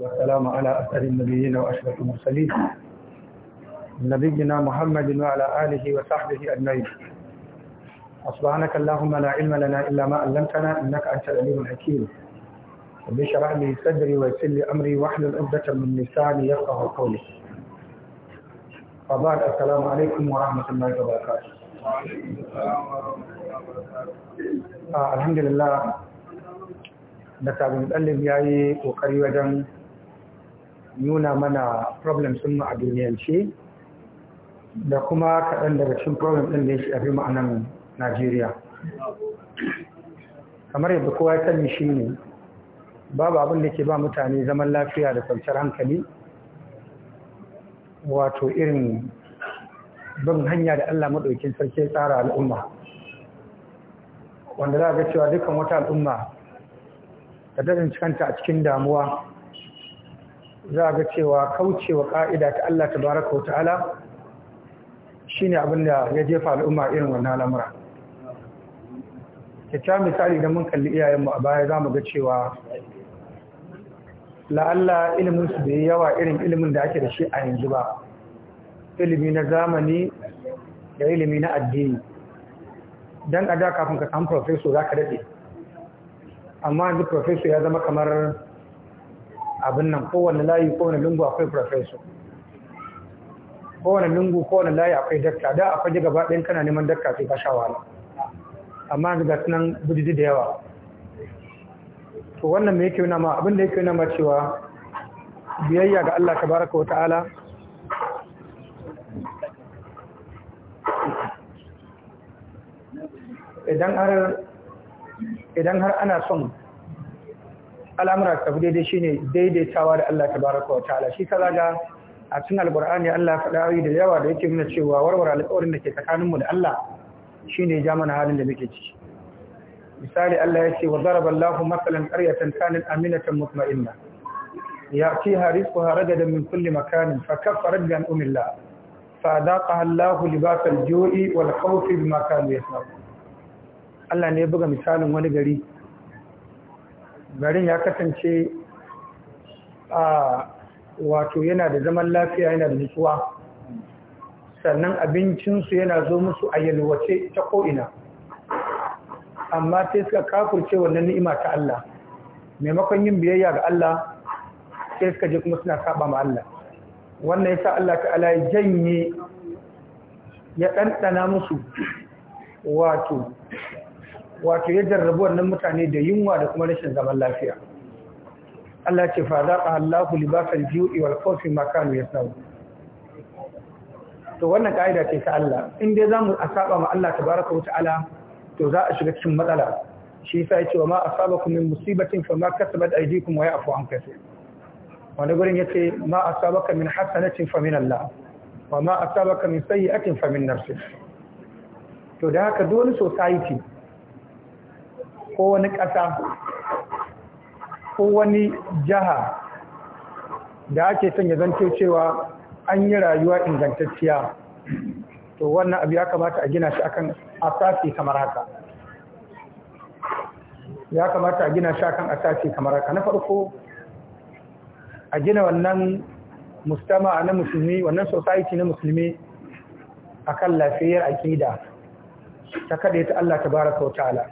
والسلام على أسر النبيين وأشرف المرسلين نبينا محمد وعلى آله وصحبه أجمعين أصبحناك اللهم لا علم لنا إلا ما علمتنا إنك أنت العليم الحكيم رب اشرح لي صدري ويسر لي أمري واحلل عقدة من لساني يفقه قولي وبعد السلام عليكم ورحمة الله وبركاته آه الحمد لله نتابع tabin ɗalib ya nuna mana problem sun mu a duniyance da kuma kaɗan daga cikin problem ɗin da ya shafi mu a Najeriya. Kamar yadda kowa ya sani shi ne, babu abin da ke ba mutane zaman lafiya da kwanciyar hankali, wato irin bin hanya da Allah maɗaukin sarki ya tsara al'umma. Wanda za a ga cewa dukkan wata al'umma da cikanta a cikin damuwa za a ga cewa kaucewa ka'ida ta Allah Ta Baraka wa ta'ala shine abin da ya jefa al'umma irin wannan lamura. al'amura cami misali da mun kalli iyayenmu a baya za mu ga cewa la'alla ilimin su yawa irin ilimin da ake da shi a yanzu ba ilimi na zamani da ilimi na addini don a da kafin ka samu profeso za ka daɗe amma yanzu profeso ya zama kamar abin nan kowane layi kowane lungu akwai professor kowane lungu kowane layi akwai dakta da akwai ji gaba ɗin kana neman dakta sai ka sha wahala amma ga sunan gudu da yawa to wannan me yake nuna ma abin da yake nuna ma cewa biyayya ga Allah tabaraka wata'ala idan har idan har ana son al'amura su daidai shine daidaitawa da Allah baraka wa ta'ala shi kaza ga a cikin alqur'ani Allah ya faɗa da yawa da yake nuna cewa warware alƙawarin da ke tsakanin mu da Allah shine ja mana halin da muke ciki misali Allah ya ce wa zaraba Allahu masalan qaryatan kanat aminatan mutma'inna ya'tiha rizquha ragadan min kulli makanin fakaffarat bi an'ami Allah fadaqaha Allahu libasal ju'i wal khawfi bima kanu yasna'un Allah ne ya buga misalin wani gari garin ya kasance a wato yana da zaman lafiya yana da nutsuwa sannan abincinsu yana zo musu a yalwace ta ko'ina amma sai suka kafurce wannan ni'ima ta Allah maimakon yin biyayya ga Allah sai suka je kuma suna saba ma Allah wannan yasa Allah ta'ala ya janye ya ɗanɗana musu wato wato ya jarrabu wannan mutane da yunwa da kuma rashin zaman lafiya Allah ce fa zaqa Allahu libasan ju'i wal khawfi ma kanu yasau to wannan kaida ce ta Allah in dai zamu asaba ma Allah tabaraka wa ta'ala to za a shiga cikin matsala shi yasa yace wa ma asabakum min musibatin fama kasabat aydikum wa ya'fu an kaseer wani gurin yace ma asabaka min hasanatin fa min Allah wa ma asabaka min sayyi'atin fa min nafsik to da haka dole society ko wani ƙasa ko wani jiha da ake son ya zanto cewa an yi rayuwa ingantacciya to wannan abu ya kamata a gina shi akan asasi kamar haka ya kamata a gina shi akan asasi kamar haka na farko a gina wannan mustama na musulmi wannan society na musulmi akan lafiyar aqida ta kada ta Allah tabaraka wa ta'ala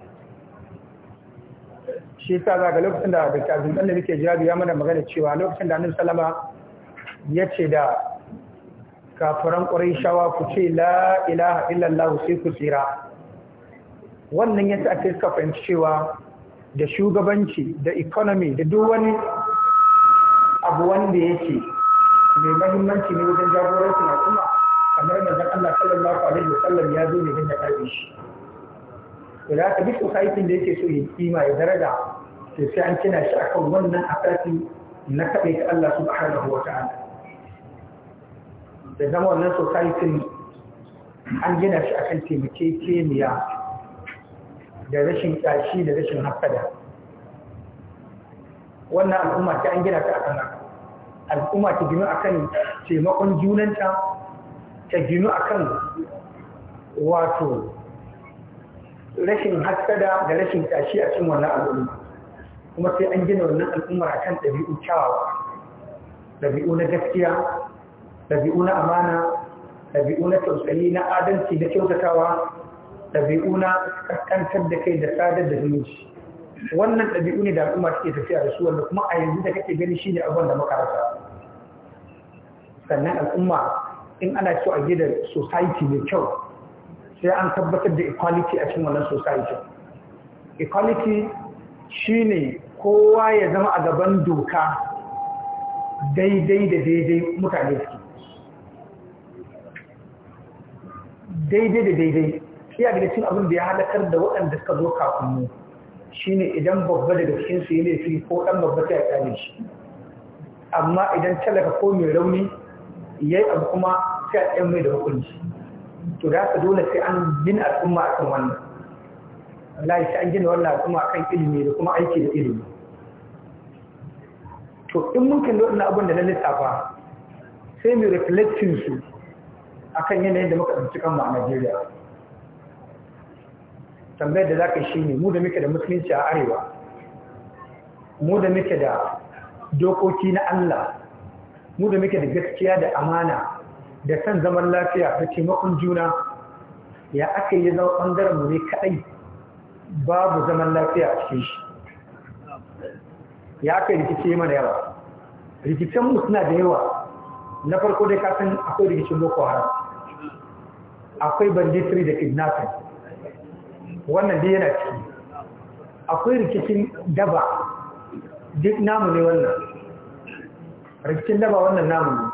shi yasa za ga lokacin da da kyazin ɗan da muke jawabi ya mana magana cewa lokacin da annabi salama ya ce da kafiran shawa ku ce la ilaha illallah sai ku tsira wannan yasa ake suka fahimci cewa da shugabanci da economy da duk wani abu wanda yake mai mahimmanci ne wajen jagorancin al'umma kamar zan Allah sallallahu alaihi Sallam ya zo ne don ya karbe shi da bi ko aikin da yake so ya kima ya daraja Sai sai an kina shi akan wannan akati na kaɗai ta Allah subhanahu wa ta'ala da zama wannan society an gina shi akan kemiya da rashin ƙashi da rashin hakada wannan al'umma ta an gina ta akan al'umma ta gina akan taimakon junanta ta gina akan wato rashin hakada da rashin ƙashi a cikin wannan al'umma kuma sai an gina wannan al'ummar a kan ɗabi'u kyawawa ɗabi'u na gaskiya ɗabi'u na amana ɗabi'u na tausayi na adalci da kyautatawa ɗabi'u na ƙasƙantar da kai da sadar da zumunci wannan ɗabi'u ne da al'umma take tafiya da su wanda kuma a yanzu da kake gani shine abin da muka rasa sannan al'umma in ana so a gida society mai kyau sai an tabbatar da equality a cikin wannan society equality shine kowa ya zama a gaban doka daidai da daidai mutane suke daidai da daidai iya daga cin abin da ya halakar da waɗanda suka zo kafin mu shine idan babba da cikin su yi laifi ko ɗan babba ta ya shi amma idan talaka ko mai rauni ya yi abu kuma sai a ɗan mai da hukunci to da haka dole sai an gina al'umma akan wannan wallahi sai an gina wannan al'umma akan ilimi da kuma aiki da ilimi to in mun kalli wannan abin da na lissafa sai mu reflecting su akan yanayin da muka ɗauki kanmu a Najeriya tambayar da zaka shi ne mu da muke da musulunci a arewa mu da muke da dokoki na Allah mu da muke da gaskiya da amana da san zaman lafiya da taimakon juna ya aka ya zama bangaren mu ne kaɗai babu zaman lafiya a cikin shi ya kai rikice mana yawa rikicen mu suna da yawa na farko dai kasan akwai rikicin boko haram akwai banditri da kidnapping wannan dai yana ciki akwai rikicin daba duk namu ne wannan rikicin daba wannan namu ne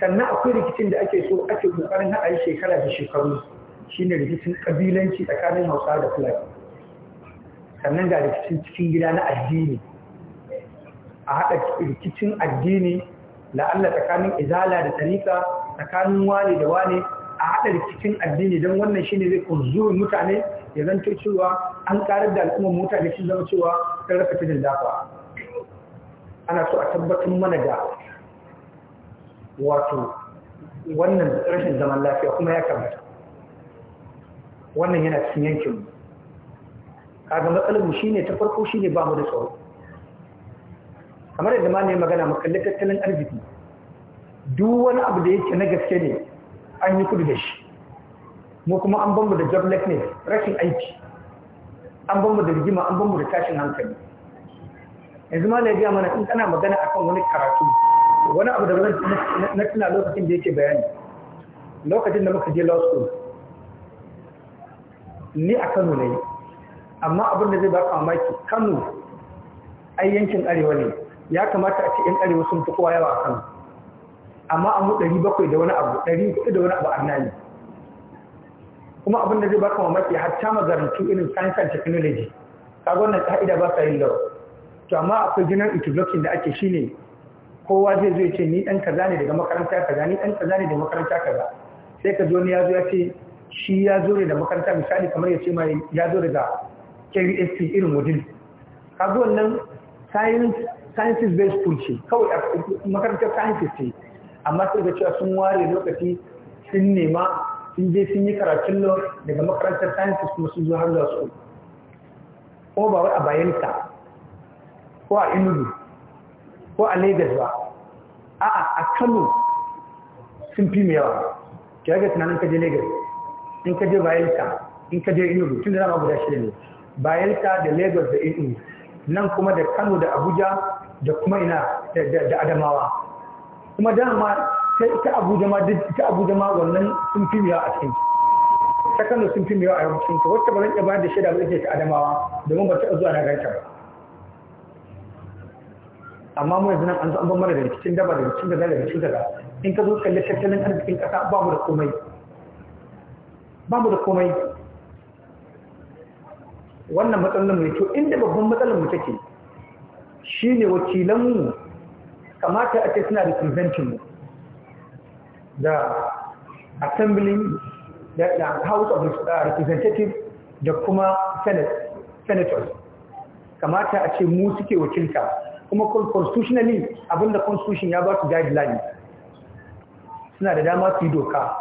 sannan akwai rikicin da ake so ake kokarin haɗa yi shekara da shekaru shine rikicin kabilanci tsakanin hausa da fulani sannan ga rikicin cikin gida na addini a haɗa rikicin addini la'alla tsakanin izala da tarika tsakanin wane da wane a haɗa rikicin addini don wannan shine zai kunzuri mutane ya zanto cewa an karar da al'ummar mutane shi zama cewa sun rasa cikin dafa ana so a tabbatar mana da wato wannan rashin zaman lafiya kuma ya kamata wannan yana cikin yankinmu kaga matsalar mu shine ta farko shine ba mu da tsaro kamar yadda ma ne magana makalli tattalin arziki duk wani abu da yake na gaske ne an yi kudu da shi mu kuma an bambu da ne rashin aiki an bambu da rigima an bambu da tashin hankali yanzu ma laifiya mana in kana magana a kan wani karatu wani abu da wani na tuna lokacin da yake bayani lokacin da muka je law school ni a Kano ne amma abin da zai ba ka mamaki Kano ai yankin arewa ne ya kamata a ce yan arewa sun fi kowa yawa kan amma an mu 700 da wani abu 400 da wani abu nani kuma abin da zai baka mamaki ta mazarantu irin science and technology kaga wannan ka'ida ba sa yin lau to amma akwai jinan interlocking da ake shine kowa zai zo ce ni ɗan kaza ne daga makaranta kaza ni ɗan kaza ne daga makaranta kaza sai ka zo ni ya zo ya ce shi ya zo ne da makaranta misali kamar ya ce ma ya zo daga KVSP irin wajen kaga wannan sciences based school kawai kawai makarantar sciences ce amma sai da cewa sun ware lokaci sun nema sun je sun yi karatun lo daga makarantar sciences kuma sun zo har zuwa su ko ba wai a bayanta ko a inugu ko a lagos ba a'a a kano sun fi mai yawa kira ga tunanin kaje lagos in kaje bayanta in kaje inugu tun da na ma guda shida ne bayelsa da lagos da inugu nan kuma da Kano da Abuja da kuma ina da Adamawa kuma dama ta Abuja ma ta Abuja ma wannan sun fi miya a cikin ta Kano sun fi miya a cikin ta wacce ba zan iya bayar da shaida ba ta Adamawa domin ba ta zuwa na ganta ba amma mu yanzu nan an zo an bambara da rikicin daba da rikicin gaza da rikicin da in ka zo kalli tattalin arzikin kasa ba mu da komai ba mu da komai wannan matsalar mai to inda babban matsalar mu take shine wakilanmu kamata a ce suna da convention mu da assembly da house of representatives da kuma senators kamata a ce mu suke wakilta kuma constitutionally abinda constitution ya ba su guideline suna da dama su yi doka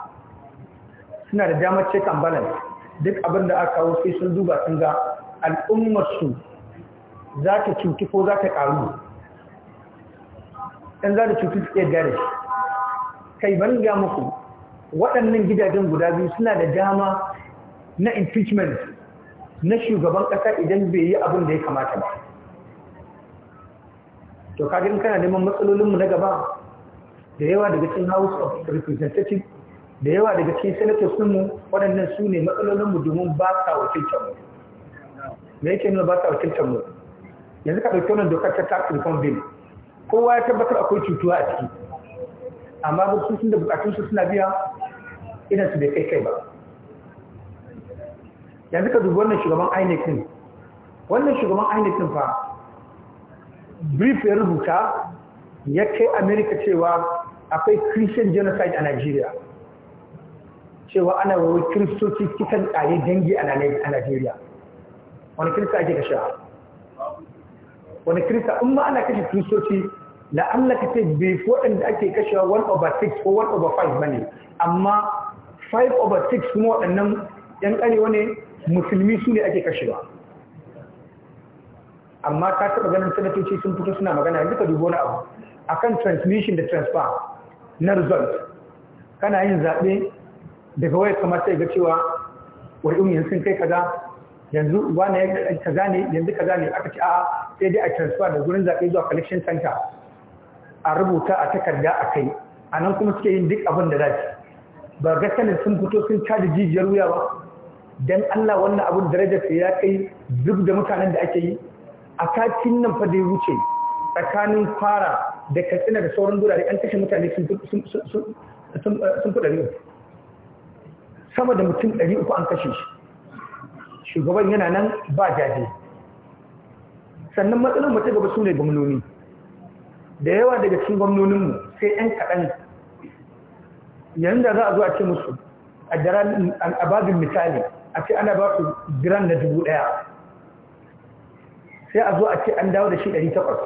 suna da dama check and balance duk abinda aka kawo sai sun duba sun ga al'ummarsu za ta cuti ko za ta ƙaru ɗan za ta cuti su iya gare kai ban ga muku waɗannan gidajen guda biyu suna da dama na impeachment na shugaban ƙasa idan bai yi abin da ya kamata ba to kajin kana neman matsalolinmu na gaba da yawa daga cikin house of representatives da yawa daga cikin senators mu waɗannan su ne matsalolinmu domin ba sa wakilcin mu me yake nuna ba ta wakiltar mu yanzu ka ɗauki wannan dokar ta tax reform bill kowa ya tabbatar akwai cutuwa a ciki amma ba su da bukatun su suna biya idan su bai kai kai ba yanzu ka dubi wannan shugaban INEC wannan shugaban INEC fa brief ya rubuta ya kai America cewa akwai Christian genocide a Nigeria cewa ana wani kiristoci kitan tsaye dangi a Najeriya. wani kirista ake kashe wani kirista in ma ana kashe kiristoci la'alla ka ce bai waɗanda ake kashe 1 over 6 ko 1 over 5 ba ne amma 5 over 6 kuma waɗannan ‘yan ƙarewa ne musulmi su ne ake kashe ba amma ta taɓa ganin sanatoci sun fito suna magana yanzu ka dubo na abu a kan transmission da transfer na result kana yin zaɓe daga waya kamar sai ga cewa wa'in um, sun kai kaza yanzu wane ka gane yanzu ka gane aka ci a sai dai a transfer da gurin zaɓe zuwa collection center a rubuta a takarda a kai a nan kuma suke yin duk abin da za su ba ga sanin sun fito sun caji jijiyar wuya ba dan Allah wannan abin darajar sai ya kai duk da mutanen da ake yi a katin nan fa dai wuce tsakanin fara da katsina da sauran gurare an kashe mutane sun fi ɗari sama da mutum uku an kashe shi shugaban yana nan ba jaje sannan matsalar mace gaba su ne gwamnoni da yawa daga cikin gwamnoninmu sai 'yan kaɗan yanzu da za a zo a ce musu a babin misali a ce ana ba su giran na dubu ɗaya sai a zo a ce an dawo da shi ɗari takwas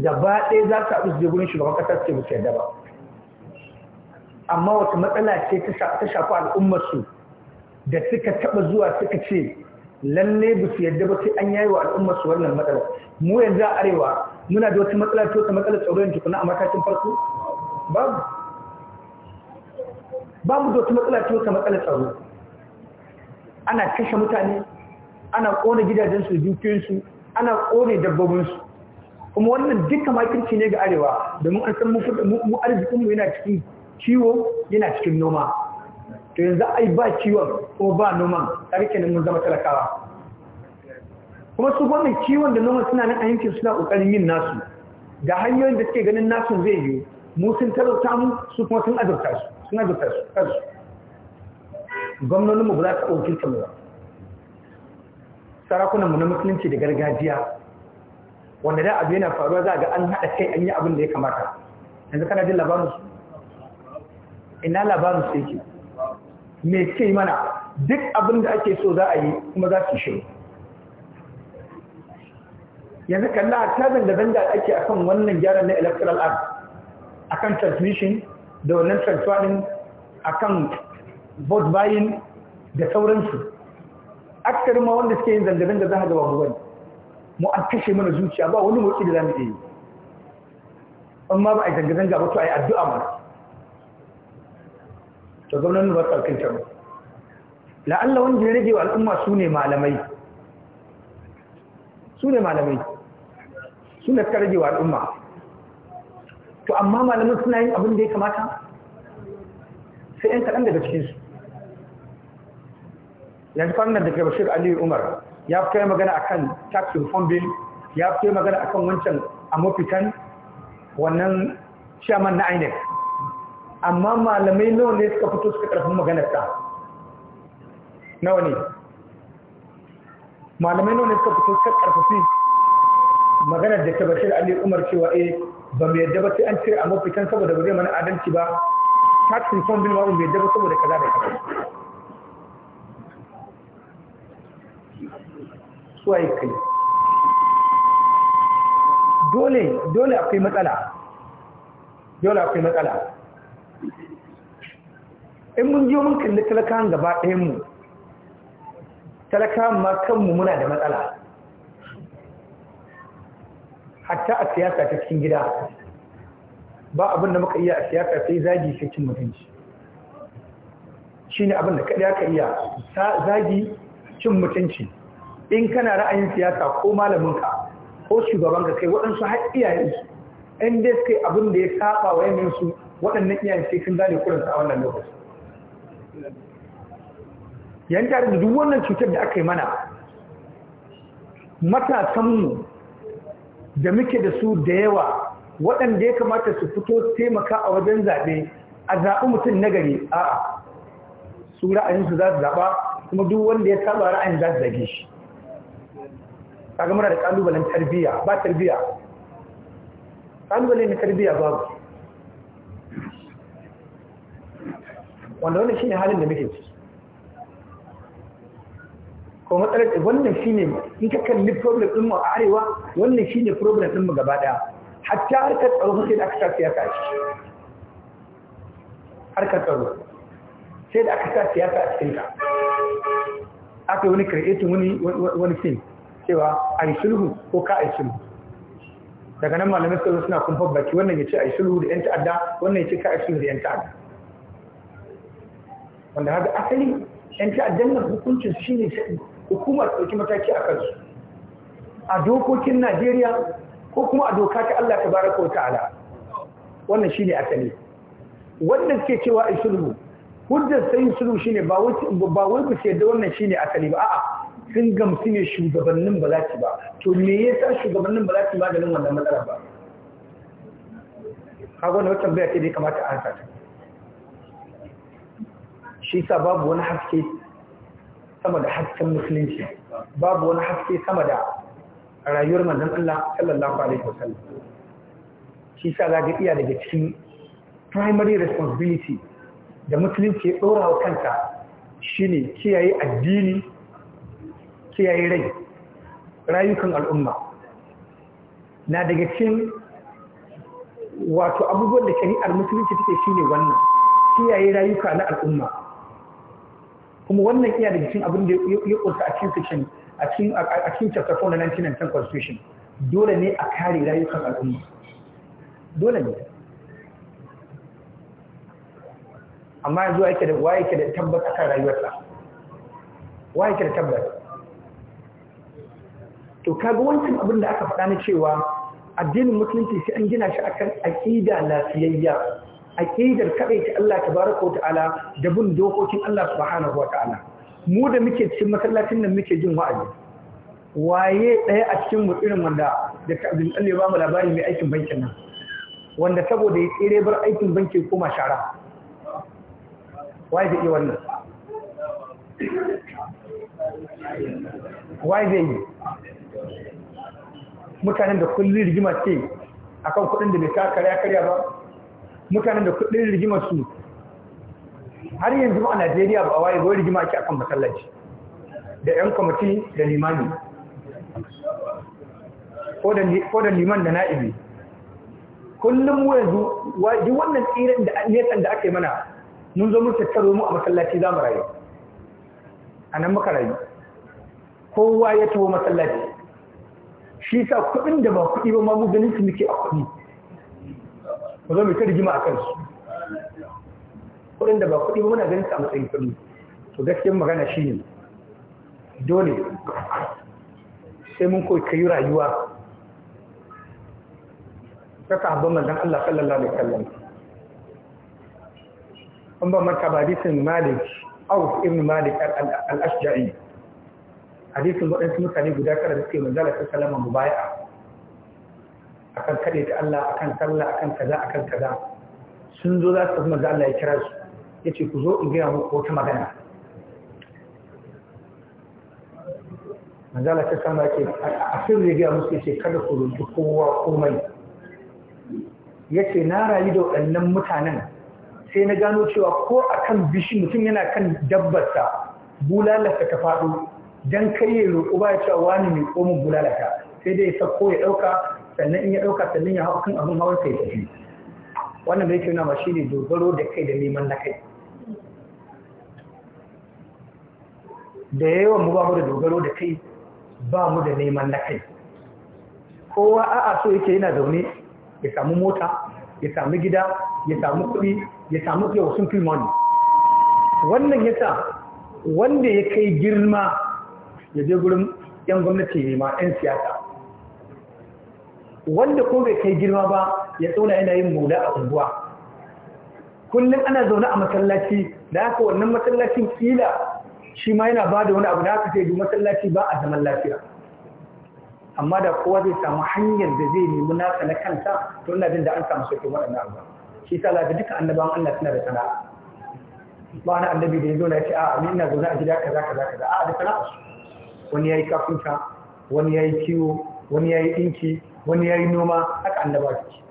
ba ɗaya za su haɗu su je gurin shugaban ƙasar ce musu yadda ba amma wata matsala ce ta shafi al'ummarsu da suka taɓa zuwa suka ce lalle ba su yadda ba sai an yayi wa al'ummar su wannan matsala mu yanzu a arewa muna da wata matsala ta matsalar tsaro yanzu kuna a matakin farko babu mu da wata matsala ta matsalar tsaro ana kashe mutane ana kone gidajensu su ana kone dabbobinsu kuma wannan duka makirci ne ga arewa domin an san mu mu yana cikin ciwo yana cikin noma to yanzu ai ba kiwon ko ba noman tsarki ne mun zama talakawa kuma su gwamnan kiwon da noman suna nan a yankin suna ƙoƙarin yin nasu da hanyoyin da suke ganin nasu zai yi mu sun talauta mu su kuma sun azurta su sun azurta su kansu gwamnonin mu ba za ta ɗauki ta mu ba sarakunan mu na musulunci da gargajiya wanda da abu yana faruwa za ga an haɗa kai an yi abin da ya kamata yanzu kana jin labarin su ina labarin su yake me ce mana duk abin da ake so za a yi kuma za su shiru yanzu kalla ta zanga-zanga da ake akan wannan gyaran na electoral act akan transmission da wannan transferring akan vote buying da sauransu akasari ma wanda suke yin zanga-zanga za a gaba mu wani mu an kashe mana zuciya ba wani motsi da za mu iya yi amma ba a yi zanga-zanga ba to a yi addu'a mana da gwamnati ba tsarkin kanta la'alla wanda ya rage wa al'umma su ne malamai su ne malamai su ne suka rage wa al'umma to amma malamai suna yin abin da ya kamata sai 'yan kaɗan daga cikinsu yanzu kwanan da ke bashir aliyu umar ya fi kai magana akan tax reform bill ya fi kai magana akan wancan a mafitan wannan shaman na inec amma malamai nawa ne suka fito suka karfin ta nawa ne malamai nawa ne suka fito suka karfafi maganar da ta bashir ali umar cewa eh ba mai yadda ba sai an cire a mafitan saboda ba zai mana adalci ba tax reform bin ba mai yadda ba saboda kaza da kaza suwaye kai dole dole akwai matsala dole akwai matsala in mun ji mun kalli talakawan gaba ɗayan mu talakan ma kanmu muna da matsala hatta a siyasa ta cikin gida ba abin da muka iya a siyasa sai zagi sai cin mutunci shine abin da kadai ka iya zagi cin mutunci in kana ra'ayin siyasa ko malaminka ko ka kai waɗansu har iyayensu in dai suka abin da ya saba wa yanayin su waɗannan iyayen sai sun gane kuransa a wannan lokaci yan tare da duk wannan cutar da aka yi mana matasanmu da muke da su da yawa waɗanda ya kamata su fito taimaka a wajen zaɓe a zaɓi mutum na gari a'a su ra'ayinsu za su zaɓa kuma duk wanda ya saba ra'ayin za su zage shi kaga muna da ƙalubalen tarbiyya ba tarbiyya ƙalubalen na tarbiyya babu wanda wannan shine halin da muke ciki ko matsalar wannan shine in ka kalli problem din mu a arewa wannan shine problem din mu gaba daya hatta harkar tsaro sai da aka sa siyasa shi ka tsaro sai da aka sa siyasa a cikin ka aka wani creating wani wani thing cewa ai sulhu ko ka ai sulhu daga nan malamai suka suna kumfar baki wannan ya ce ai sulhu da yan ta'adda wannan ya ce ka ai sulhu da yan ta'adda wanda haka asali yan ta nan hukuncin shi ne hukumar ɗauki mataki a kansu a dokokin najeriya ko kuma a doka ta allah ta baraka wa ta'ala wannan shi ne asali wanda suke cewa a sulhu hujjar sayin sulhu shi ne ba wai ku ce da wannan shi ne asali ba a'a sun gamsu ne shugabannin ba za su ba to me ya sa shugabannin ba za su maganin wannan matsalar ba kaga wani wata tambaya ce da kamata a ansa shi sa babu wani haske sama da hasken musulunci babu wani haske sama da rayuwar manzon Allah sallallahu alaihi wasallam shi sa zaka iya daga cikin primary responsibility da musulunci ya dora wa kanka shine kiyaye addini kiyaye rai rayukan al'umma na daga cikin wato abubuwan da shari'ar musulunci take shine wannan kiyaye rayuka na al'umma kuma wannan iya daga cikin abin da ya kunsa a cikin section a cikin a cikin chapter 4 na 1910 constitution dole ne a kare rayukan al'umma dole ne amma yanzu ake da waye ke da a kan rayuwarsa waye ke da tabbas. to kaga wancan abin da aka faɗa na cewa addinin musulunci sai an gina shi akan aqida lafiyayya aqidar kadai ta Allah tabaraka ta'ala da bin dokokin Allah subhanahu ta'ala mu da muke cikin masallacin nan muke jin wa'azi waye ɗaya a cikin mu irin wanda da Abdul Allah ya ba mu labari mai aikin bankin nan wanda saboda ya tsere bar aikin banki koma shara waye zai wannan waye zai yi mutanen da kullum rigima ce akan kuɗin da bai ta karya karya ba mutanen da kudin rigimar su har yanzu a Najeriya ba a waye ba rigima ake akan masallaci da yan kwamiti da limani ko da liman da na'ibi kullum yanzu waje wannan tsirin da nesan da aka yi mana mun zo mun tattaro mu a masallaci za mu rayu a nan muka rayu kowa ya taho masallaci shi sa kuɗin da ba kuɗi ba ma mu ganin su muke a kuɗi ba zo mai ta rigima a kansu kuɗin da ba kudi ba muna ganin ta a matsayin kuɗi to gaskiyar magana shi ne dole sai mun koyi kayi rayuwa ta sahabban mazan Allah sallallahu alaihi wasallam an ba manta ba hadisin Malik Auf ibn Malik al-Ashja'i hadisin waɗansu mutane guda kara da suke manzala sallallahu mu baya. mubaya'a akan kade ta Allah akan sallah akan kaza akan kaza sun zo za su kuma za Allah ya kira su yace ku zo in gaya muku wata magana manzala ta sama yake a sirri ga musu yace kada ku rubuta kowa komai yace na rayu da waɗannan mutanen sai na gano cewa ko akan bishi mutum yana kan dabbarsa bulalarsa ta faɗo dan kai ya roƙo ba ya cewa wani mai komin bulalata sai dai ya sako ya ɗauka sannan in ya ɗauka sannan ya hau kan abin hawan sai tafi wannan mai yake nuna shi ne dogaro da kai da neman na kai da yawan mu ba mu da dogaro da kai ba mu da neman na kai kowa a'a so yake yana zaune ya samu mota ya samu gida ya samu kuɗi ya samu yau sun fi money wannan yasa wanda ya kai girma ya je gurin yan gwamnati ne ma yan siyasa wanda ko bai kai girma ba ya tsona yana yin mula a unguwa kullum ana zaune a masallaci da haka wannan masallacin kila shi ma yana ba da wani abu da haka sai masallaci ba a zaman lafiya amma da kowa zai samu hanyar da zai nemi nasa na kansa to ina jin da an samu sauƙin waɗannan abu shi sa lafi duka annabawan Allah suna da sana'a ba wani annabi da ya zo na ce a ni ina zaune a gida kaza kaza kaza a da sana'a wani yayi kafinta wani yayi kiwo wani yayi dinki wani ya yi noma haka annaba su ce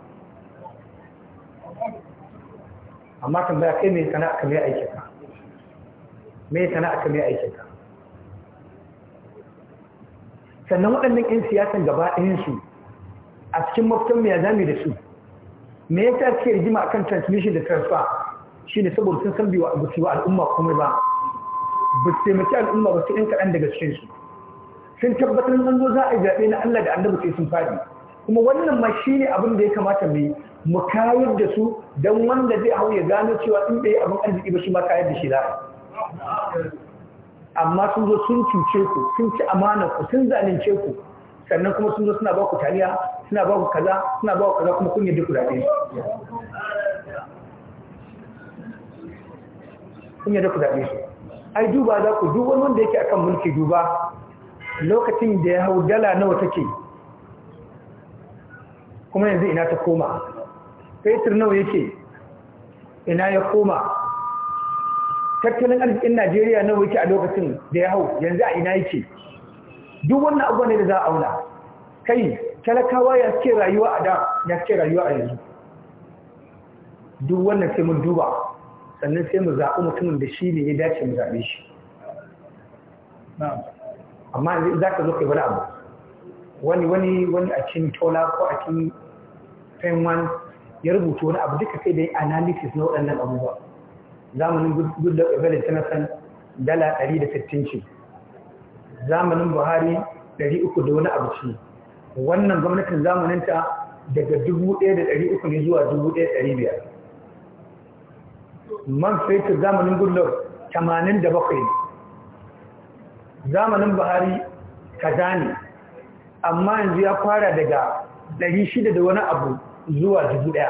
amma kan baya kai mai sana'a ka mai aikinka mai sana'a ka mai aikinka sannan waɗannan 'yan siyasan gaba ɗayansu a cikin mafitan mai zami da su me ya ta ce rigima kan transmission da transfer shi ne saboda sun san biwa abu wa al'umma kuma ba ba su taimaki al'umma ba su 'yan kaɗan daga cikinsu sun tabbatar an zo za a yi zaɓe na allah da annabi sai sun faɗi kuma wannan ma shi ne abin da ya kamata mu yi mu kayar da su don wanda zai hau ya gano cewa in bai abin arziki ba shi ma kayar da shi da amma sun zo sun cuce ku sun ci amana ku sun zalunce ku sannan kuma sun zo suna ba ku taliya suna ba ku kaza suna ba ku kaza kuma kun duk kudade kun duk kudade ai duba za ku duk wani wanda yake akan mulki duba lokacin da ya hau dala nawa take kuma yanzu ina ta koma fetur nawa yake ina ya koma tattalin arzikin najeriya nawa yake a lokacin da ya hau yanzu a ina yake duk wannan abuwa ne da za a auna kai talakawa ya suke rayuwa a da ya suke rayuwa a yanzu duk wannan sai mun duba sannan sai mu zaɓi mutumin da shi ne ya dace mu zaɓe shi amma za ka zo kai wani abu wani wani wani a cikin tola ko a cikin penwan ya rubuta wani abu duka sai da analysis na waɗannan abubuwa zamanin goodluck evelyn nasan dala 160 ce zamanin buhari 300 da wani abu ce wannan gwamnatin zamaninta daga 1,300 ne zuwa 1,500 man fetur zamanin goodluck 87 ne zamanin buhari kaza ne amma yanzu ya fara daga 600 da wani abu zuwa 1000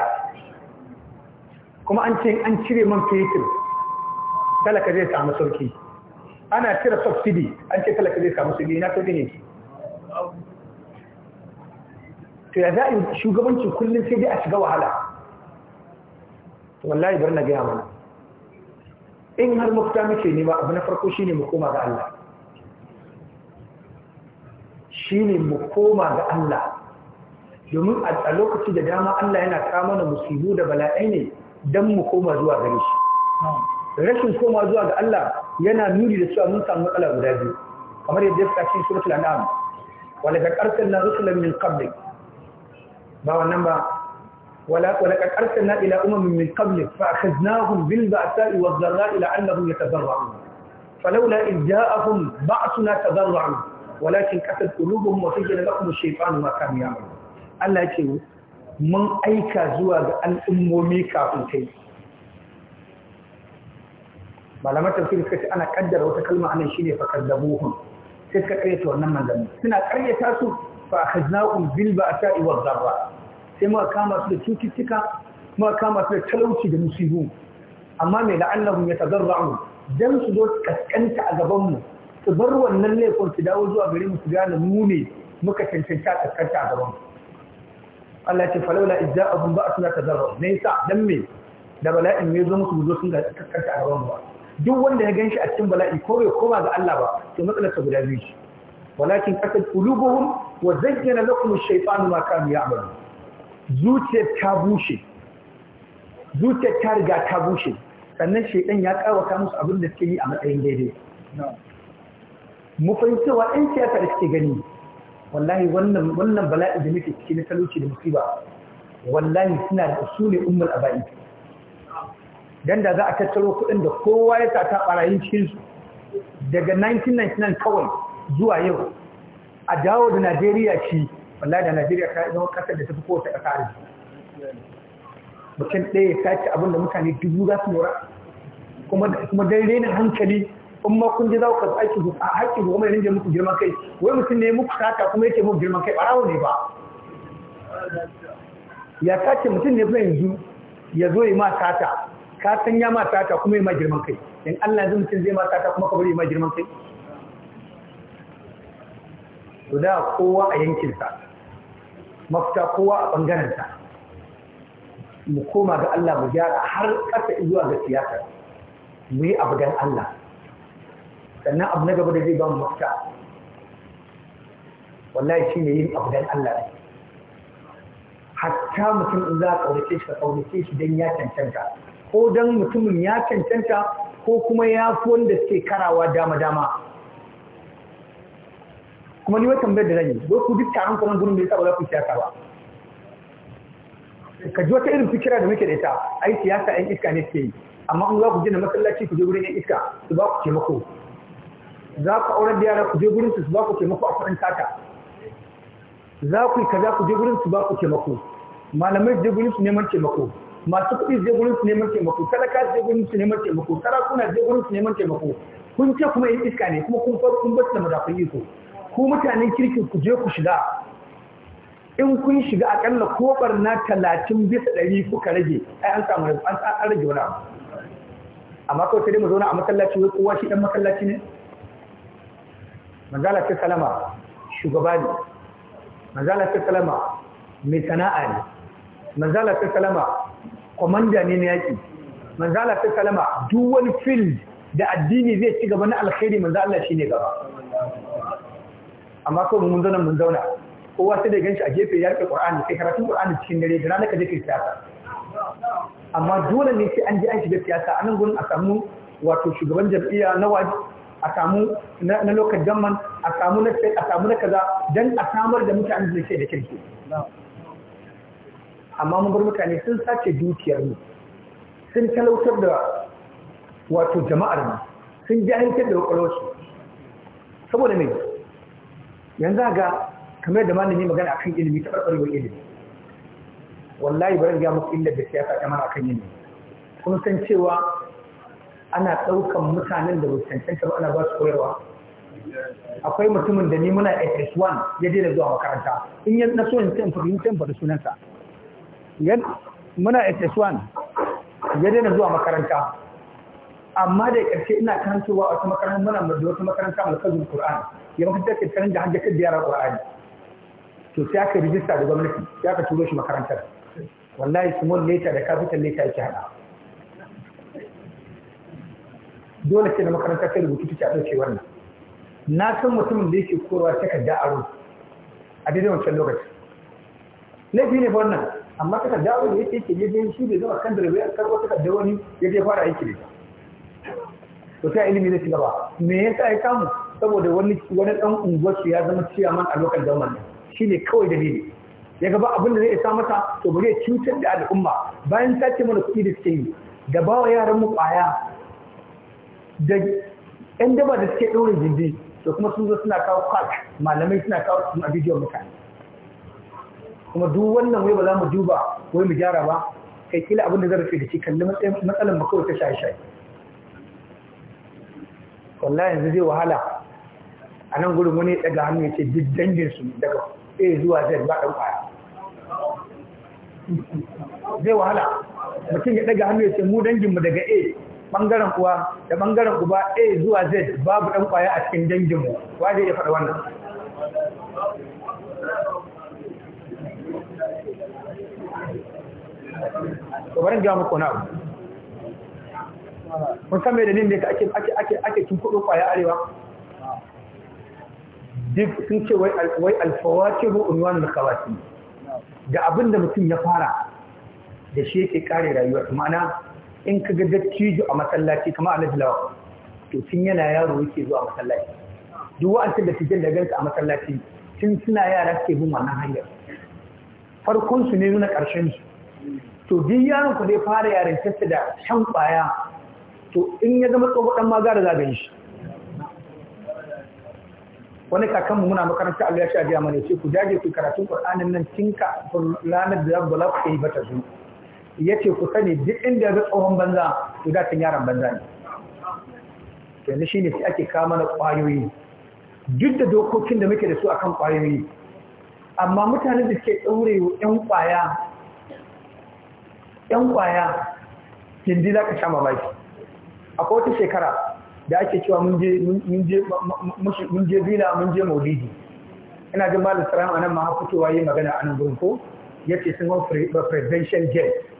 kuma an ce an cire man fetur talaka zai samu sauki ana cire subsidi an ce talaka zai samu sauki na sauki ne to ya za'i shugabancin kullum sai dai a shiga wahala wallahi bar na gaya mana in har mafita muke nema abu na farko shine mu koma ga Allah Shi ne mu koma ga Allah domin a lokaci da dama Allah yana kama na musibu da bala'ai ne don mu koma zuwa gare shi rashin koma zuwa ga Allah yana nuni da cewa mun samu matsala guda biyu kamar yadda ya fi cikin suratul an'am wala ka na rusulan min qablik ba wannan ba wala wala ka arsalna ila umamin min qablik fa akhadnahum bil ba'sa'i wad dharra'i la'annahum yatadarra'un falawla id ja'ahum ba'suna tadarra'u walakin kasar kulubun wasu gina na shaifanu makam ya Allah ce mun aika zuwa ga al'ummomi kafin kai malamar tafi suka ce ana kaddara wata kalma anan shine da buhun sai suka karyata wannan manzanni suna karyata su fa akhadnahum bil ba'sa'i bilba a sai muka kama su da cututtuka muka kama su da talauci da musibu amma mai ya ta zarra'u don su zo kaskanta a gabanmu. su bar wannan laifin su dawo zuwa gare mu su gane mu ne muka cancanta a a gaban Allah ce falaula idza abun ba asna tazarru ne yasa dan me da bala'in ne zo musu zo sun ga tsakanta a gaban ba duk wanda ya ganshi a cikin bala'i ko bai koma ga Allah ba to matsalar ta guda biyu walakin qasad qulubuhum wa zayyana lakum ash-shaytanu ma kanu ya'malun zuciyar ta bushe zuciyar ta riga ta bushe sannan shaidan ya kawata musu abin da suke yi a matsayin daidai mu fahimtawa ɗan siyasa da suke gani wallahi wannan bala'i da muke ciki na talauci da musiba wallahi suna da su ne umar abai don da za a tattaro kuɗin da kowa ya sata barayin cikinsu. daga 1999 kawai zuwa yau a dawo da Najeriya shi wallahi da Najeriya ta zama kasar da ta fi kowace ƙasa arziki mutum ɗaya ya sace abin da mutane dubu za su mora kuma dai na hankali in ma kun ji za ku kasu aiki ku a haƙƙi ku kuma yanzu muku girman kai wai mutum ne muku sata kuma yake muku girman kai ɓarawo ne ba ya sace mutum ne zai yanzu ya zo yi ma sata ka san ya ma sata kuma yi ma girman kai in Allah yanzu mutum zai ma sata kuma ka bari yi ma girman kai to da kowa a yankinsa mafita kowa a ɓangarenta mu koma ga Allah mu gyara har ƙasa zuwa ga siyasa mu yi abu don Allah sannan abu na gaba da zai ba mu mafita wallahi shi ne yin abu dan Allah ne. hatta mutum in za a ƙaunace shi ka ƙaunace shi don ya cancanta ko don mutumin ya cancanta ko kuma ya fi wanda suke karawa dama-dama kuma ni wata tambayar da zan yi ku duk taron kuma gurin bai saba za ku siyasa ba ka ji wata irin fikira da muke da ita ai siyasa yan iska ne suke yi amma in za ku je na masallaci ku je wurin yan iska su ba ku taimako za ku aure da yara ku je gurin su ba ku taimako a kuɗin kata za ku yi kaza ku je gurin su ba ku taimako malamai je gurin su neman taimako masu kuɗi je gurin su neman taimako talaka je gurin su neman taimako sarakuna je gurin su neman taimako kun ce kuma yin iska ne kuma kun farko kun basu da madafin iko ku mutanen kirkin ku je ku shiga in kun shiga akalla ko barna talatin bisa ɗari kuka rage ai an samu an rage wani amma kawai sai dai mu zauna a masallaci wai kowa shi dan masallaci ne manzala ta salama shugaba ne manzala ta salama mai sana'a ne manzala ta salama kwamanda ne na yaƙi manzala ta salama duwani wani fil da addini zai ci gaba na alkhairi manzala Allah shi ne gaba amma ko mun zauna mun zauna kowa sai da ganshi a gefe ya rike Qur'ani sai karatun Qur'ani cikin dare da rana ka je siyasa amma dole ne sai an je an shiga siyasa a nan gurin a samu wato shugaban jam'iyya na waje a samu na lokacin gamman a samu na sai a samu na kaza don a samar da mutane da ke da kirki amma mun bar mutane sun sace dukiyar mu sun talautar da wato jama'ar mu sun jahiltar da kwakwalwarsu saboda mai yanzu ga kamar da malami magana akan ilimi ta ɓarɓarwar ilimi wallahi bari ga muku illar da siyasa ta mana akan ilimi kun san cewa ana ɗaukan mutanen da basu cancanta ba ana ba su koyarwa akwai mutumin da ni muna SS1 ya daina zuwa makaranta in yi naso yin in tsayin fadin tsayin fadin sunansa muna SS1 ya daina zuwa makaranta amma da ƙarshe ina karantarwa a wata makaranta muna da wata makaranta mai kazin Qur'an ya makaranta ke karin da hajjar kan yara Qur'ani to sai aka rijista da gwamnati sai aka turo shi makarantar wallahi small later da capital later yake hada dole ce da makaranta ta rubutu ta a ɗauke wannan na san mutumin da yake korowa takarda aro a daidai wancan lokaci laifi ne wannan amma takarda aro da yake yake je shi bai zama kan direba ya ta takarda wani ya je fara aiki ne. to sai ilimi na ci gaba me yasa ya samu saboda wani wani dan unguwarsu ya zama ciyaman a lokacin zaman shine kawai dalili ya gaba abin da zai isa masa to ba zai cutar da al'umma bayan sace mana kuɗi da suke yi da ba yaran mu ƙwaya da yan daba da suke ɗaure gindi da kuma sun zo suna kawo kwak malamai suna kawo su a bidiyon mutane kuma duk wannan wai ba za mu duba wai mu gyara ba kai kila abin da zarafi da shi kalli matsalan ba kawai ta shaye-shaye wallahi yanzu zai wahala a nan gudun wani daga hannu ya ce duk danginsu daga a zuwa zai ba ɗan kwaya zai wahala mutum ya daga hannu ya ce mu danginmu daga a Ɓangaren uwa da ɓangaren uba A zuwa Z babu ɗan ƙwaya a cikin danginmu ba zai faɗa wannan barin ga mako na abu kun san da nin da ake ake kudin ƙwaya arewa duk sun ce wai alfawa ce alfawatihu unwan da khawati da abinda mutum ya fara da shi yake kare rayuwa ma'ana in ka ga dattijo a masallaci kamar alhaji lawa to tun yana yaro yake zuwa masallaci duk wa'ancin da da ganka a masallaci tun suna yara suke bin wannan hanyar farkon su ne nuna ƙarshen su to duk yaron ku dai fara yaren tasta da shan kwaya to in ya zama tsoho dan ma gara zagaye shi wani kakan muna makaranta Allah ya sha biya mana ce ku jaje ku karatun Qur'anin nan kinka ranar da za ku ba ta ya ce ku sani duk inda ga tsohon banza to yaran banza ne yanzu ne sai ake kawo mana ƙwayoyi. duk da dokokin da muke da su akan ƙwayoyi. amma mutane da suke ɗaure yan kwaya yan ƙwaya hindi za ka sha mamaki akwai wata shekara da ake cewa mun je vila mun je maulidi ina jin tsaron a nan ma fitowa yi magana a nan gurin ko yace sun hau presidential gate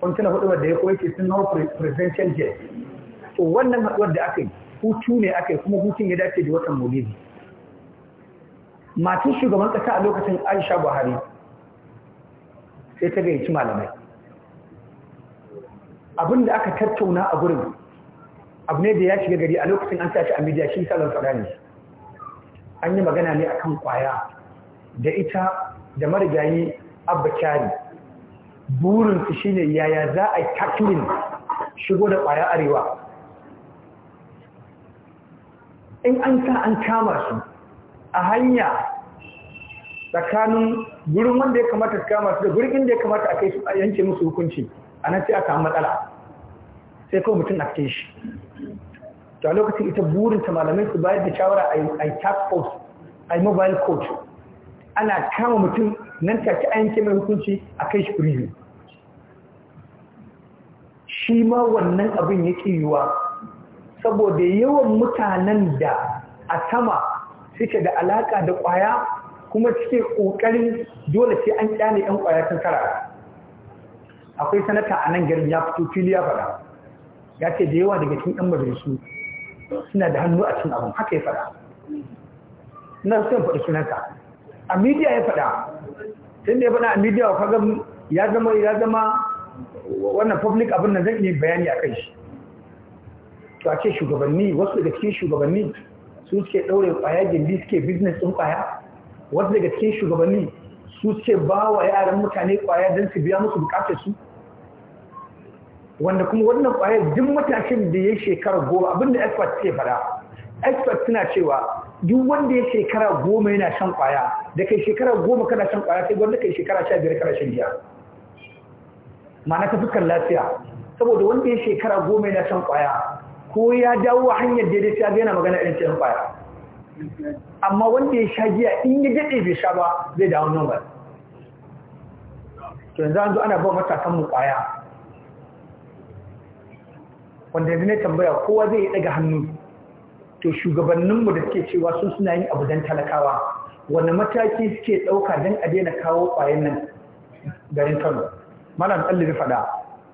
kun tuna hudu da ya koyi ke sun hau presidential jet to wannan haduwar da aka yi hutu ne aka yi kuma hutun ya dace da watan maulidi matan shugaban kasa a lokacin aisha buhari sai ta gayyaci malamai abin da aka tattauna a gurin abu ne da ya shiga gari a lokacin an tashi a midiya shi salon faɗa ne an yi magana ne akan kwaya da ita da marigayi abba kyari burinsu shine yaya za a yi taklin shigo da ƙwaya arewa in an sa an kama su a hanya tsakanin gurin wanda ya kamata su kama su da gurin da ya kamata a kai su yanke musu hukunci a nan sai aka samu matsala sai kawai mutum a kai shi to a lokacin ita burinta malamai su bayar da shawara a yi task force a yi mobile coach ana kama mutum nan take a yanke mai hukunci a kai shi kuri shi ma wannan abin ya yiwuwa saboda yawan mutanen da a sama suke da alaka da kwaya kuma suke kokarin dole sai an kyale yan kwaya tun kara akwai sanata a nan garin ya fito fili ya fada ya ce da yawa daga cikin yan majalisu suna da hannu a cin abin haka ya fada na sun faɗi sunanta a midiya ya faɗa tun da ya a a media kaga ya zama ya zama wannan public abin nan zan bayani a kai shi to a ce shugabanni wasu daga cikin shugabanni su suke ɗaure kwaya gindi suke business din kwaya, wasu daga cikin shugabanni su suke ba wa yaran mutane kwaya don su biya musu bukatar su wanda kuma wannan kwaya duk matashin da ya shekarar goma abinda expert ke fara expert suna cewa duk wanda ya shekara goma yana shan kwaya da kai shekara goma kana shan kwaya sai gwanda kai shekara sha biyar kana shan giya ma'ana ta fuskar lafiya saboda wanda ya shekara goma yana shan kwaya ko ya dawo hanyar daidai sai ga yana magana irin shan kwaya amma wanda ya sha giya in ya daɗe bai sha ba zai dawo nan ba to yanzu an zo ana ba matakan mu kwaya wanda yanzu ne tambaya kowa zai yi daga hannu to shugabanninmu da suke cewa sun suna yin abu don talakawa wani mataki suke ɗauka don a daina kawo ƙwayan nan garin kano malam ɗallibi faɗa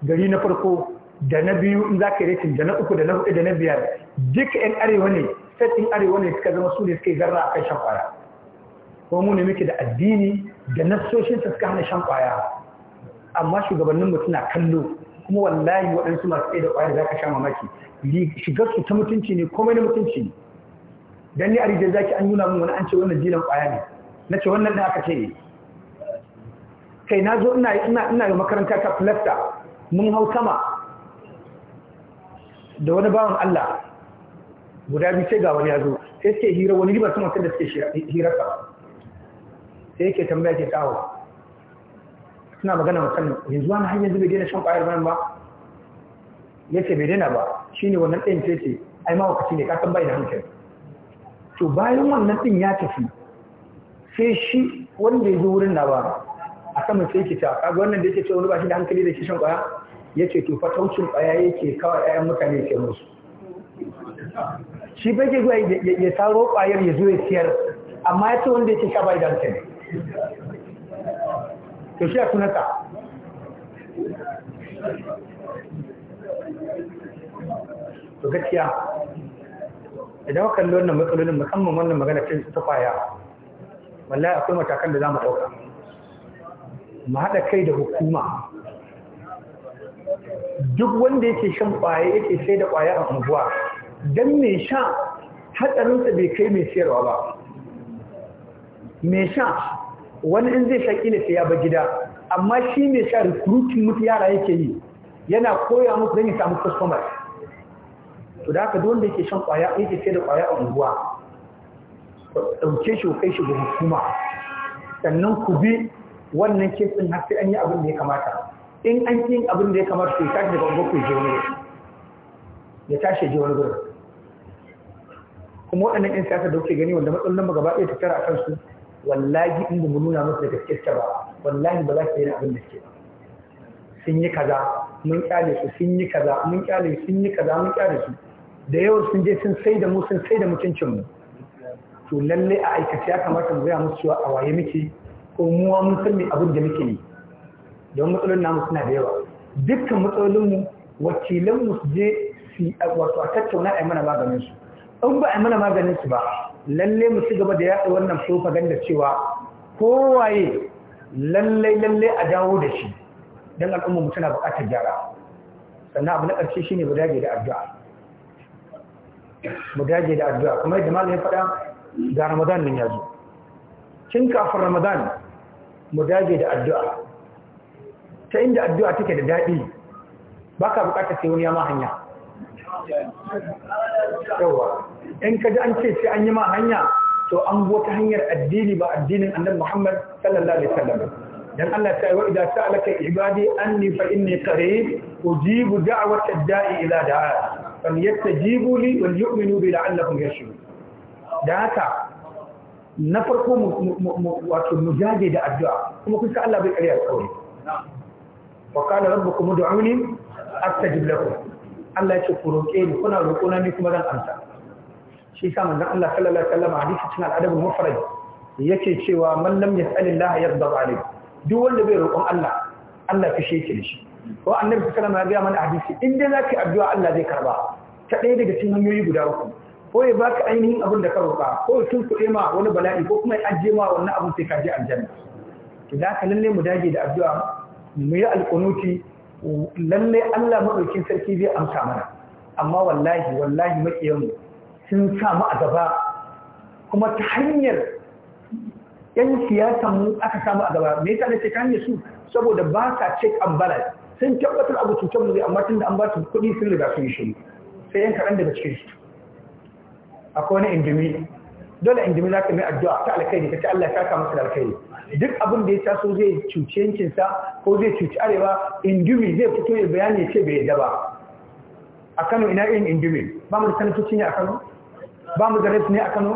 gari na farko da na biyu in za ka yi da na uku da na hudu da na biyar Duk ɗan arewa ne sattin arewa ne suka zama su ne suka yi garra a kan shan ƙwaya ko mu ne muke da addini da nassoshin suka hana shan ƙwaya amma shugabanninmu suna kallo kuma wallahi waɗansu masu ɗaya da ƙwaya da za ka sha mamaki shigar su ta mutunci ne komai na mutunci ne dan ni a rijar zaki an nuna min wani an ce wannan dilan kwaya ne na ce wannan da aka ce ne kai na zo ina ina ina ga makaranta ta plaster mun hau sama da wani bawan Allah guda biyu sai ga wani ya zo sai suke hira wani ribar sama sai da suke hira sa sai yake tambaya ke tsawo suna magana musamman yanzu wani hanyar zube daina shan kwayar bayan ba ya ce bai daina ba shine wannan ɗin ce ce ai mawakaci ne kasan bai da hankali to bayan wannan ɗin ya tafi sai shi wanda ya zo wurin na ba a saman sai yake a kaga wannan da yake ce wani ba shi da hankali da shi shan kwaya ya ce to fataucin kwaya yake kawai ayan mutane ke musu shi bai ke zuwa ya saro kwayar ya zo ya siyar amma ya ce wanda yake sha da hankali to shi a sunaka to gaskiya idan ka kalli wannan matsalolin musamman wannan magana ce ta kwaya wallahi akwai matakan da za mu ɗauka mu haɗa kai da hukuma duk wanda yake shan kwaya yake sai da kwaya a unguwa don me sha hatsarinsa bai kai mai siyarwa ba Me sha wani in zai sha kila sai ya ba gida amma shi mai sha rikrutin mutu yara yake yi yana koya musu don ya samu customers to da aka duk wanda yake shan kwaya yake sai da kwaya a unguwa ɗauke shi kai shi ga hukuma sannan ku bi wannan kesin har sai an yi abin da ya kamata in an yi abin da ya kamata sai tashi daga unguwa ku je wani ya tashi je wani gurin kuma waɗannan 'yan siyasa da kuke gani wanda matsalolin ba gaba ɗaya ta tara a kansu wallahi inda mu nuna musu da gaske ta ba wallahi ba za su yi abin da suke sun yi kaza mun kyale su sun yi kaza mun kyale sun yi kaza mun kyale su da yawan sun je sun sai da mu sun sai da mutuncinmu to lalle a aikace ya kamata mu gaya musu cewa a waye muke ko mu mun san me abin da muke ne don matsalolin namu suna da yawa dukkan matsalolinmu wakilan mu su je su wato a tattauna a mana maganin su in ba a yi mana maganin su ba lalle mu ci gaba da yaɗa wannan propaganda cewa kowaye lalle lalle a dawo da shi don al'ummar mu tana buƙatar gyara sannan abu na ƙarshe shine mu dage da addu'a mu dage da addu'a kuma yadda malamin faɗa ga ramadan nan ya zo kin kafin ramadan mu dage da addu'a ta inda addu'a take da daɗi ba ka bukatar sai wani ya ma hanya yawa in ka ji an ce sai an yi ma hanya to an bu ta hanyar addini ba addinin annabi muhammad sallallahu alaihi wasallam dan Allah ta yi wa idan sa'alaka ibadi anni fa inni qarib ujibu da'watad da'i ila da'a fal yadda li wal yu'minu bi la'allahum yarshudun da haka na farko wato mu jage da addu'a kuma kun san Allah bai ƙarya alƙawari wa qala rabbukum ud'uni astajib lakum Allah ya ce ku roƙe ni kuna roƙo na ni kuma zan amsa shi yasa manzon Allah sallallahu alaihi wasallam hadisi cikin al'adab al-mufrad yake cewa man lam yas'alillaha yadhab alayhi duk wanda bai roƙon Allah Allah ta sheke da shi ko annabi sallallahu alaihi wasallam ya ga mana hadisi in dai zaka addu'a Allah zai karba ta ɗaya daga cikin hanyoyi guda uku ko ya baka ainihin abin da ka roƙa ko ya kuɗe ma wani bala'i ko kuma ya ajiye ma wannan abin sai ka je aljanna to da ka lalle mu dage da addu'a mu yi alƙunuti lalle Allah madaukin sarki zai amsa mana amma wallahi wallahi maƙiyanmu sun sa mu a kuma ta hanyar yan siyasan mu aka samu a gaba me yasa ke kan su saboda ba sa check and balance sun tabbatar abu cutar mu zai amma tun da an ba su kuɗi sun riga sun yi shiru sai yan kaɗan daga cikin su akwai wani indimi dole indimi za ka mai addu'a ta alkhairi ka ce Allah ya saka masa da alkhairi duk abin da ya taso zai cuci yankinsa ko zai cuci arewa indimi zai fito ya bayani ya ce bai yadda ba a Kano ina yin indimi ba mu da sanatocin ne a Kano ba mu da res ne a Kano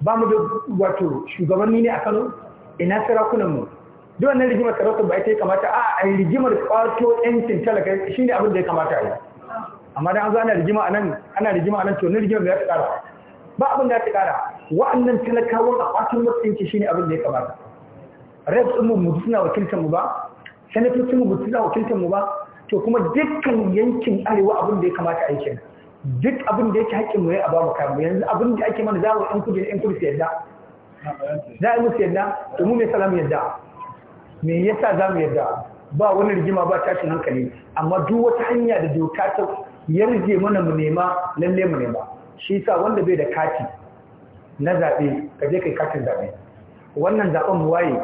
ba mu da wato shugabanni ne a kano ina sarakunanmu duk wannan rigimar sarauta ba ita ya kamata a a rigimar kwato ɗancin talaka shi ne abin da ya kamata a yi amma da an zo ana rigima a nan ana rigima a nan to na rigimar da ya tsara ba abin da ya tsara wa'annan talakawan a kwato matsinci shi ne abin da ya kamata reps ɗinmu mu suna wakiltar mu ba sanatocinmu mu suna wakiltar mu ba to kuma dukkan yankin arewa abin da ya kamata a yi kenan duk abin da yake haƙƙin mu ya a bamu kayan yanzu abin da ake mana zamu ɗan kudu ɗan kudu yadda za a musu yadda to mu me salamu yadda me yasa za mu yadda ba wani rigima ba tashin hankali amma duk wata hanya da doka ta yarje mana mu nema lalle mu nema shi yasa wanda bai da kati na zaɓe ka je kai katin zaɓe wannan zaɓen mu waye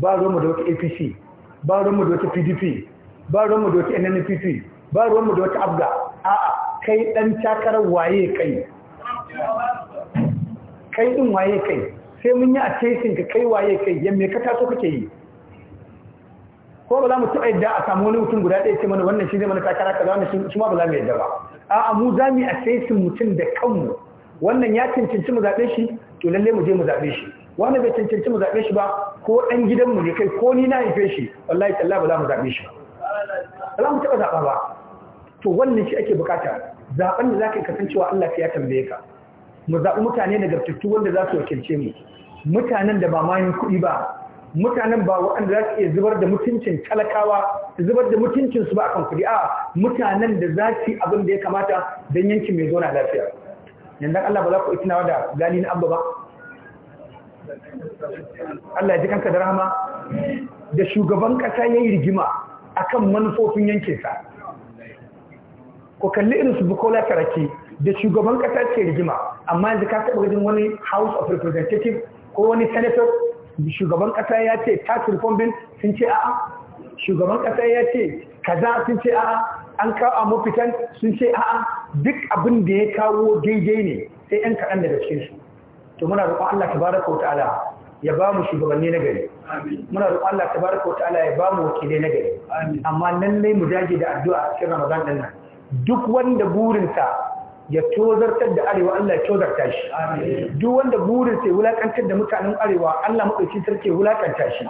ba mu da wata apc ba mu da wata pdp ba mu da wata nnpp ba mu da wata abga kai ɗan takarar waye kai kai ɗin waye kai sai mun yi a tesin ka kai waye kai me ka taso kake yi ko ba za mu taɓa yadda a samu wani mutum guda ɗaya ce mana wannan shi zai mana takara kaza wannan shi ma ba za mu yadda ba a'a mu za mu yi a tesin mutum da kanmu wannan ya cancanci mu zaɓe shi to lalle mu je mu zaɓe shi wannan bai cancanci mu zaɓe shi ba ko ɗan gidanmu ne kai ko ni na haife shi wallahi talla ba za mu zaɓe shi ba za mu taɓa zaɓa ba to wannan shi ake bukata Zaɓen da za zaka kasancewa Allah ya tambaye ka mu zaɓi mutane da nagartattu wanda za su wakilce mu mutanen da ba mayan kuɗi ba mutanen ba waɗanda za su iya zubar da mutuncin talakawa zubar da mutuncin su ba akan kuɗi a mutanen da za su yi abin da ya kamata don yankin mai zona lafiya yanzu Allah ba za ku itinawa da gani na abba ba Allah ya ji kanka da rahama da shugaban ƙasa ya yi rigima akan manufofin yankinsa ko kalli irin su bukola Karaki, da shugaban kasa ce rigima amma yanzu ka taɓa gajin wani house of representative ko wani senator shugaban kasa ya ce tax reform bin sun ce a'a shugaban kasa ya ce kaza sun ce a'a an kawo a mafitan sun ce a'a duk abin da ya kawo daidai ne sai yan kaɗan daga cikin su to muna roƙon Allah tabaraka wa ta'ala ya ba mu shugabanni na gari muna roƙon Allah tabaraka wa ta'ala ya ba mu wakilai na gari amma nan ne mu dage da addu'a cikin Ramadan din nan duk wanda burinsa ya tozartar da arewa Allah ya tozarta shi duk wanda burinsa ya wulakantar da mutanen arewa Allah maɗauki sarki ya wulakanta shi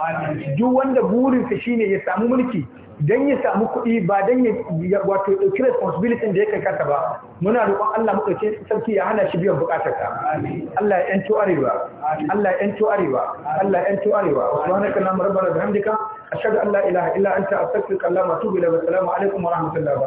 duk wanda burinsa shi ne ya samu mulki don ya samu kuɗi ba don ya wato ɗauki responsibility da ya kai kasa ba muna roƙon Allah maɗauki sarki ya hana shi biyan buƙatar ka Allah ya yanto arewa Allah ya yanto arewa Allah ya yanto arewa subhanaka allahumma rabbana bihamdika ashhadu an la ilaha illa anta astaghfiruka wa atubu ilayk wa assalamu alaikum wa rahmatullahi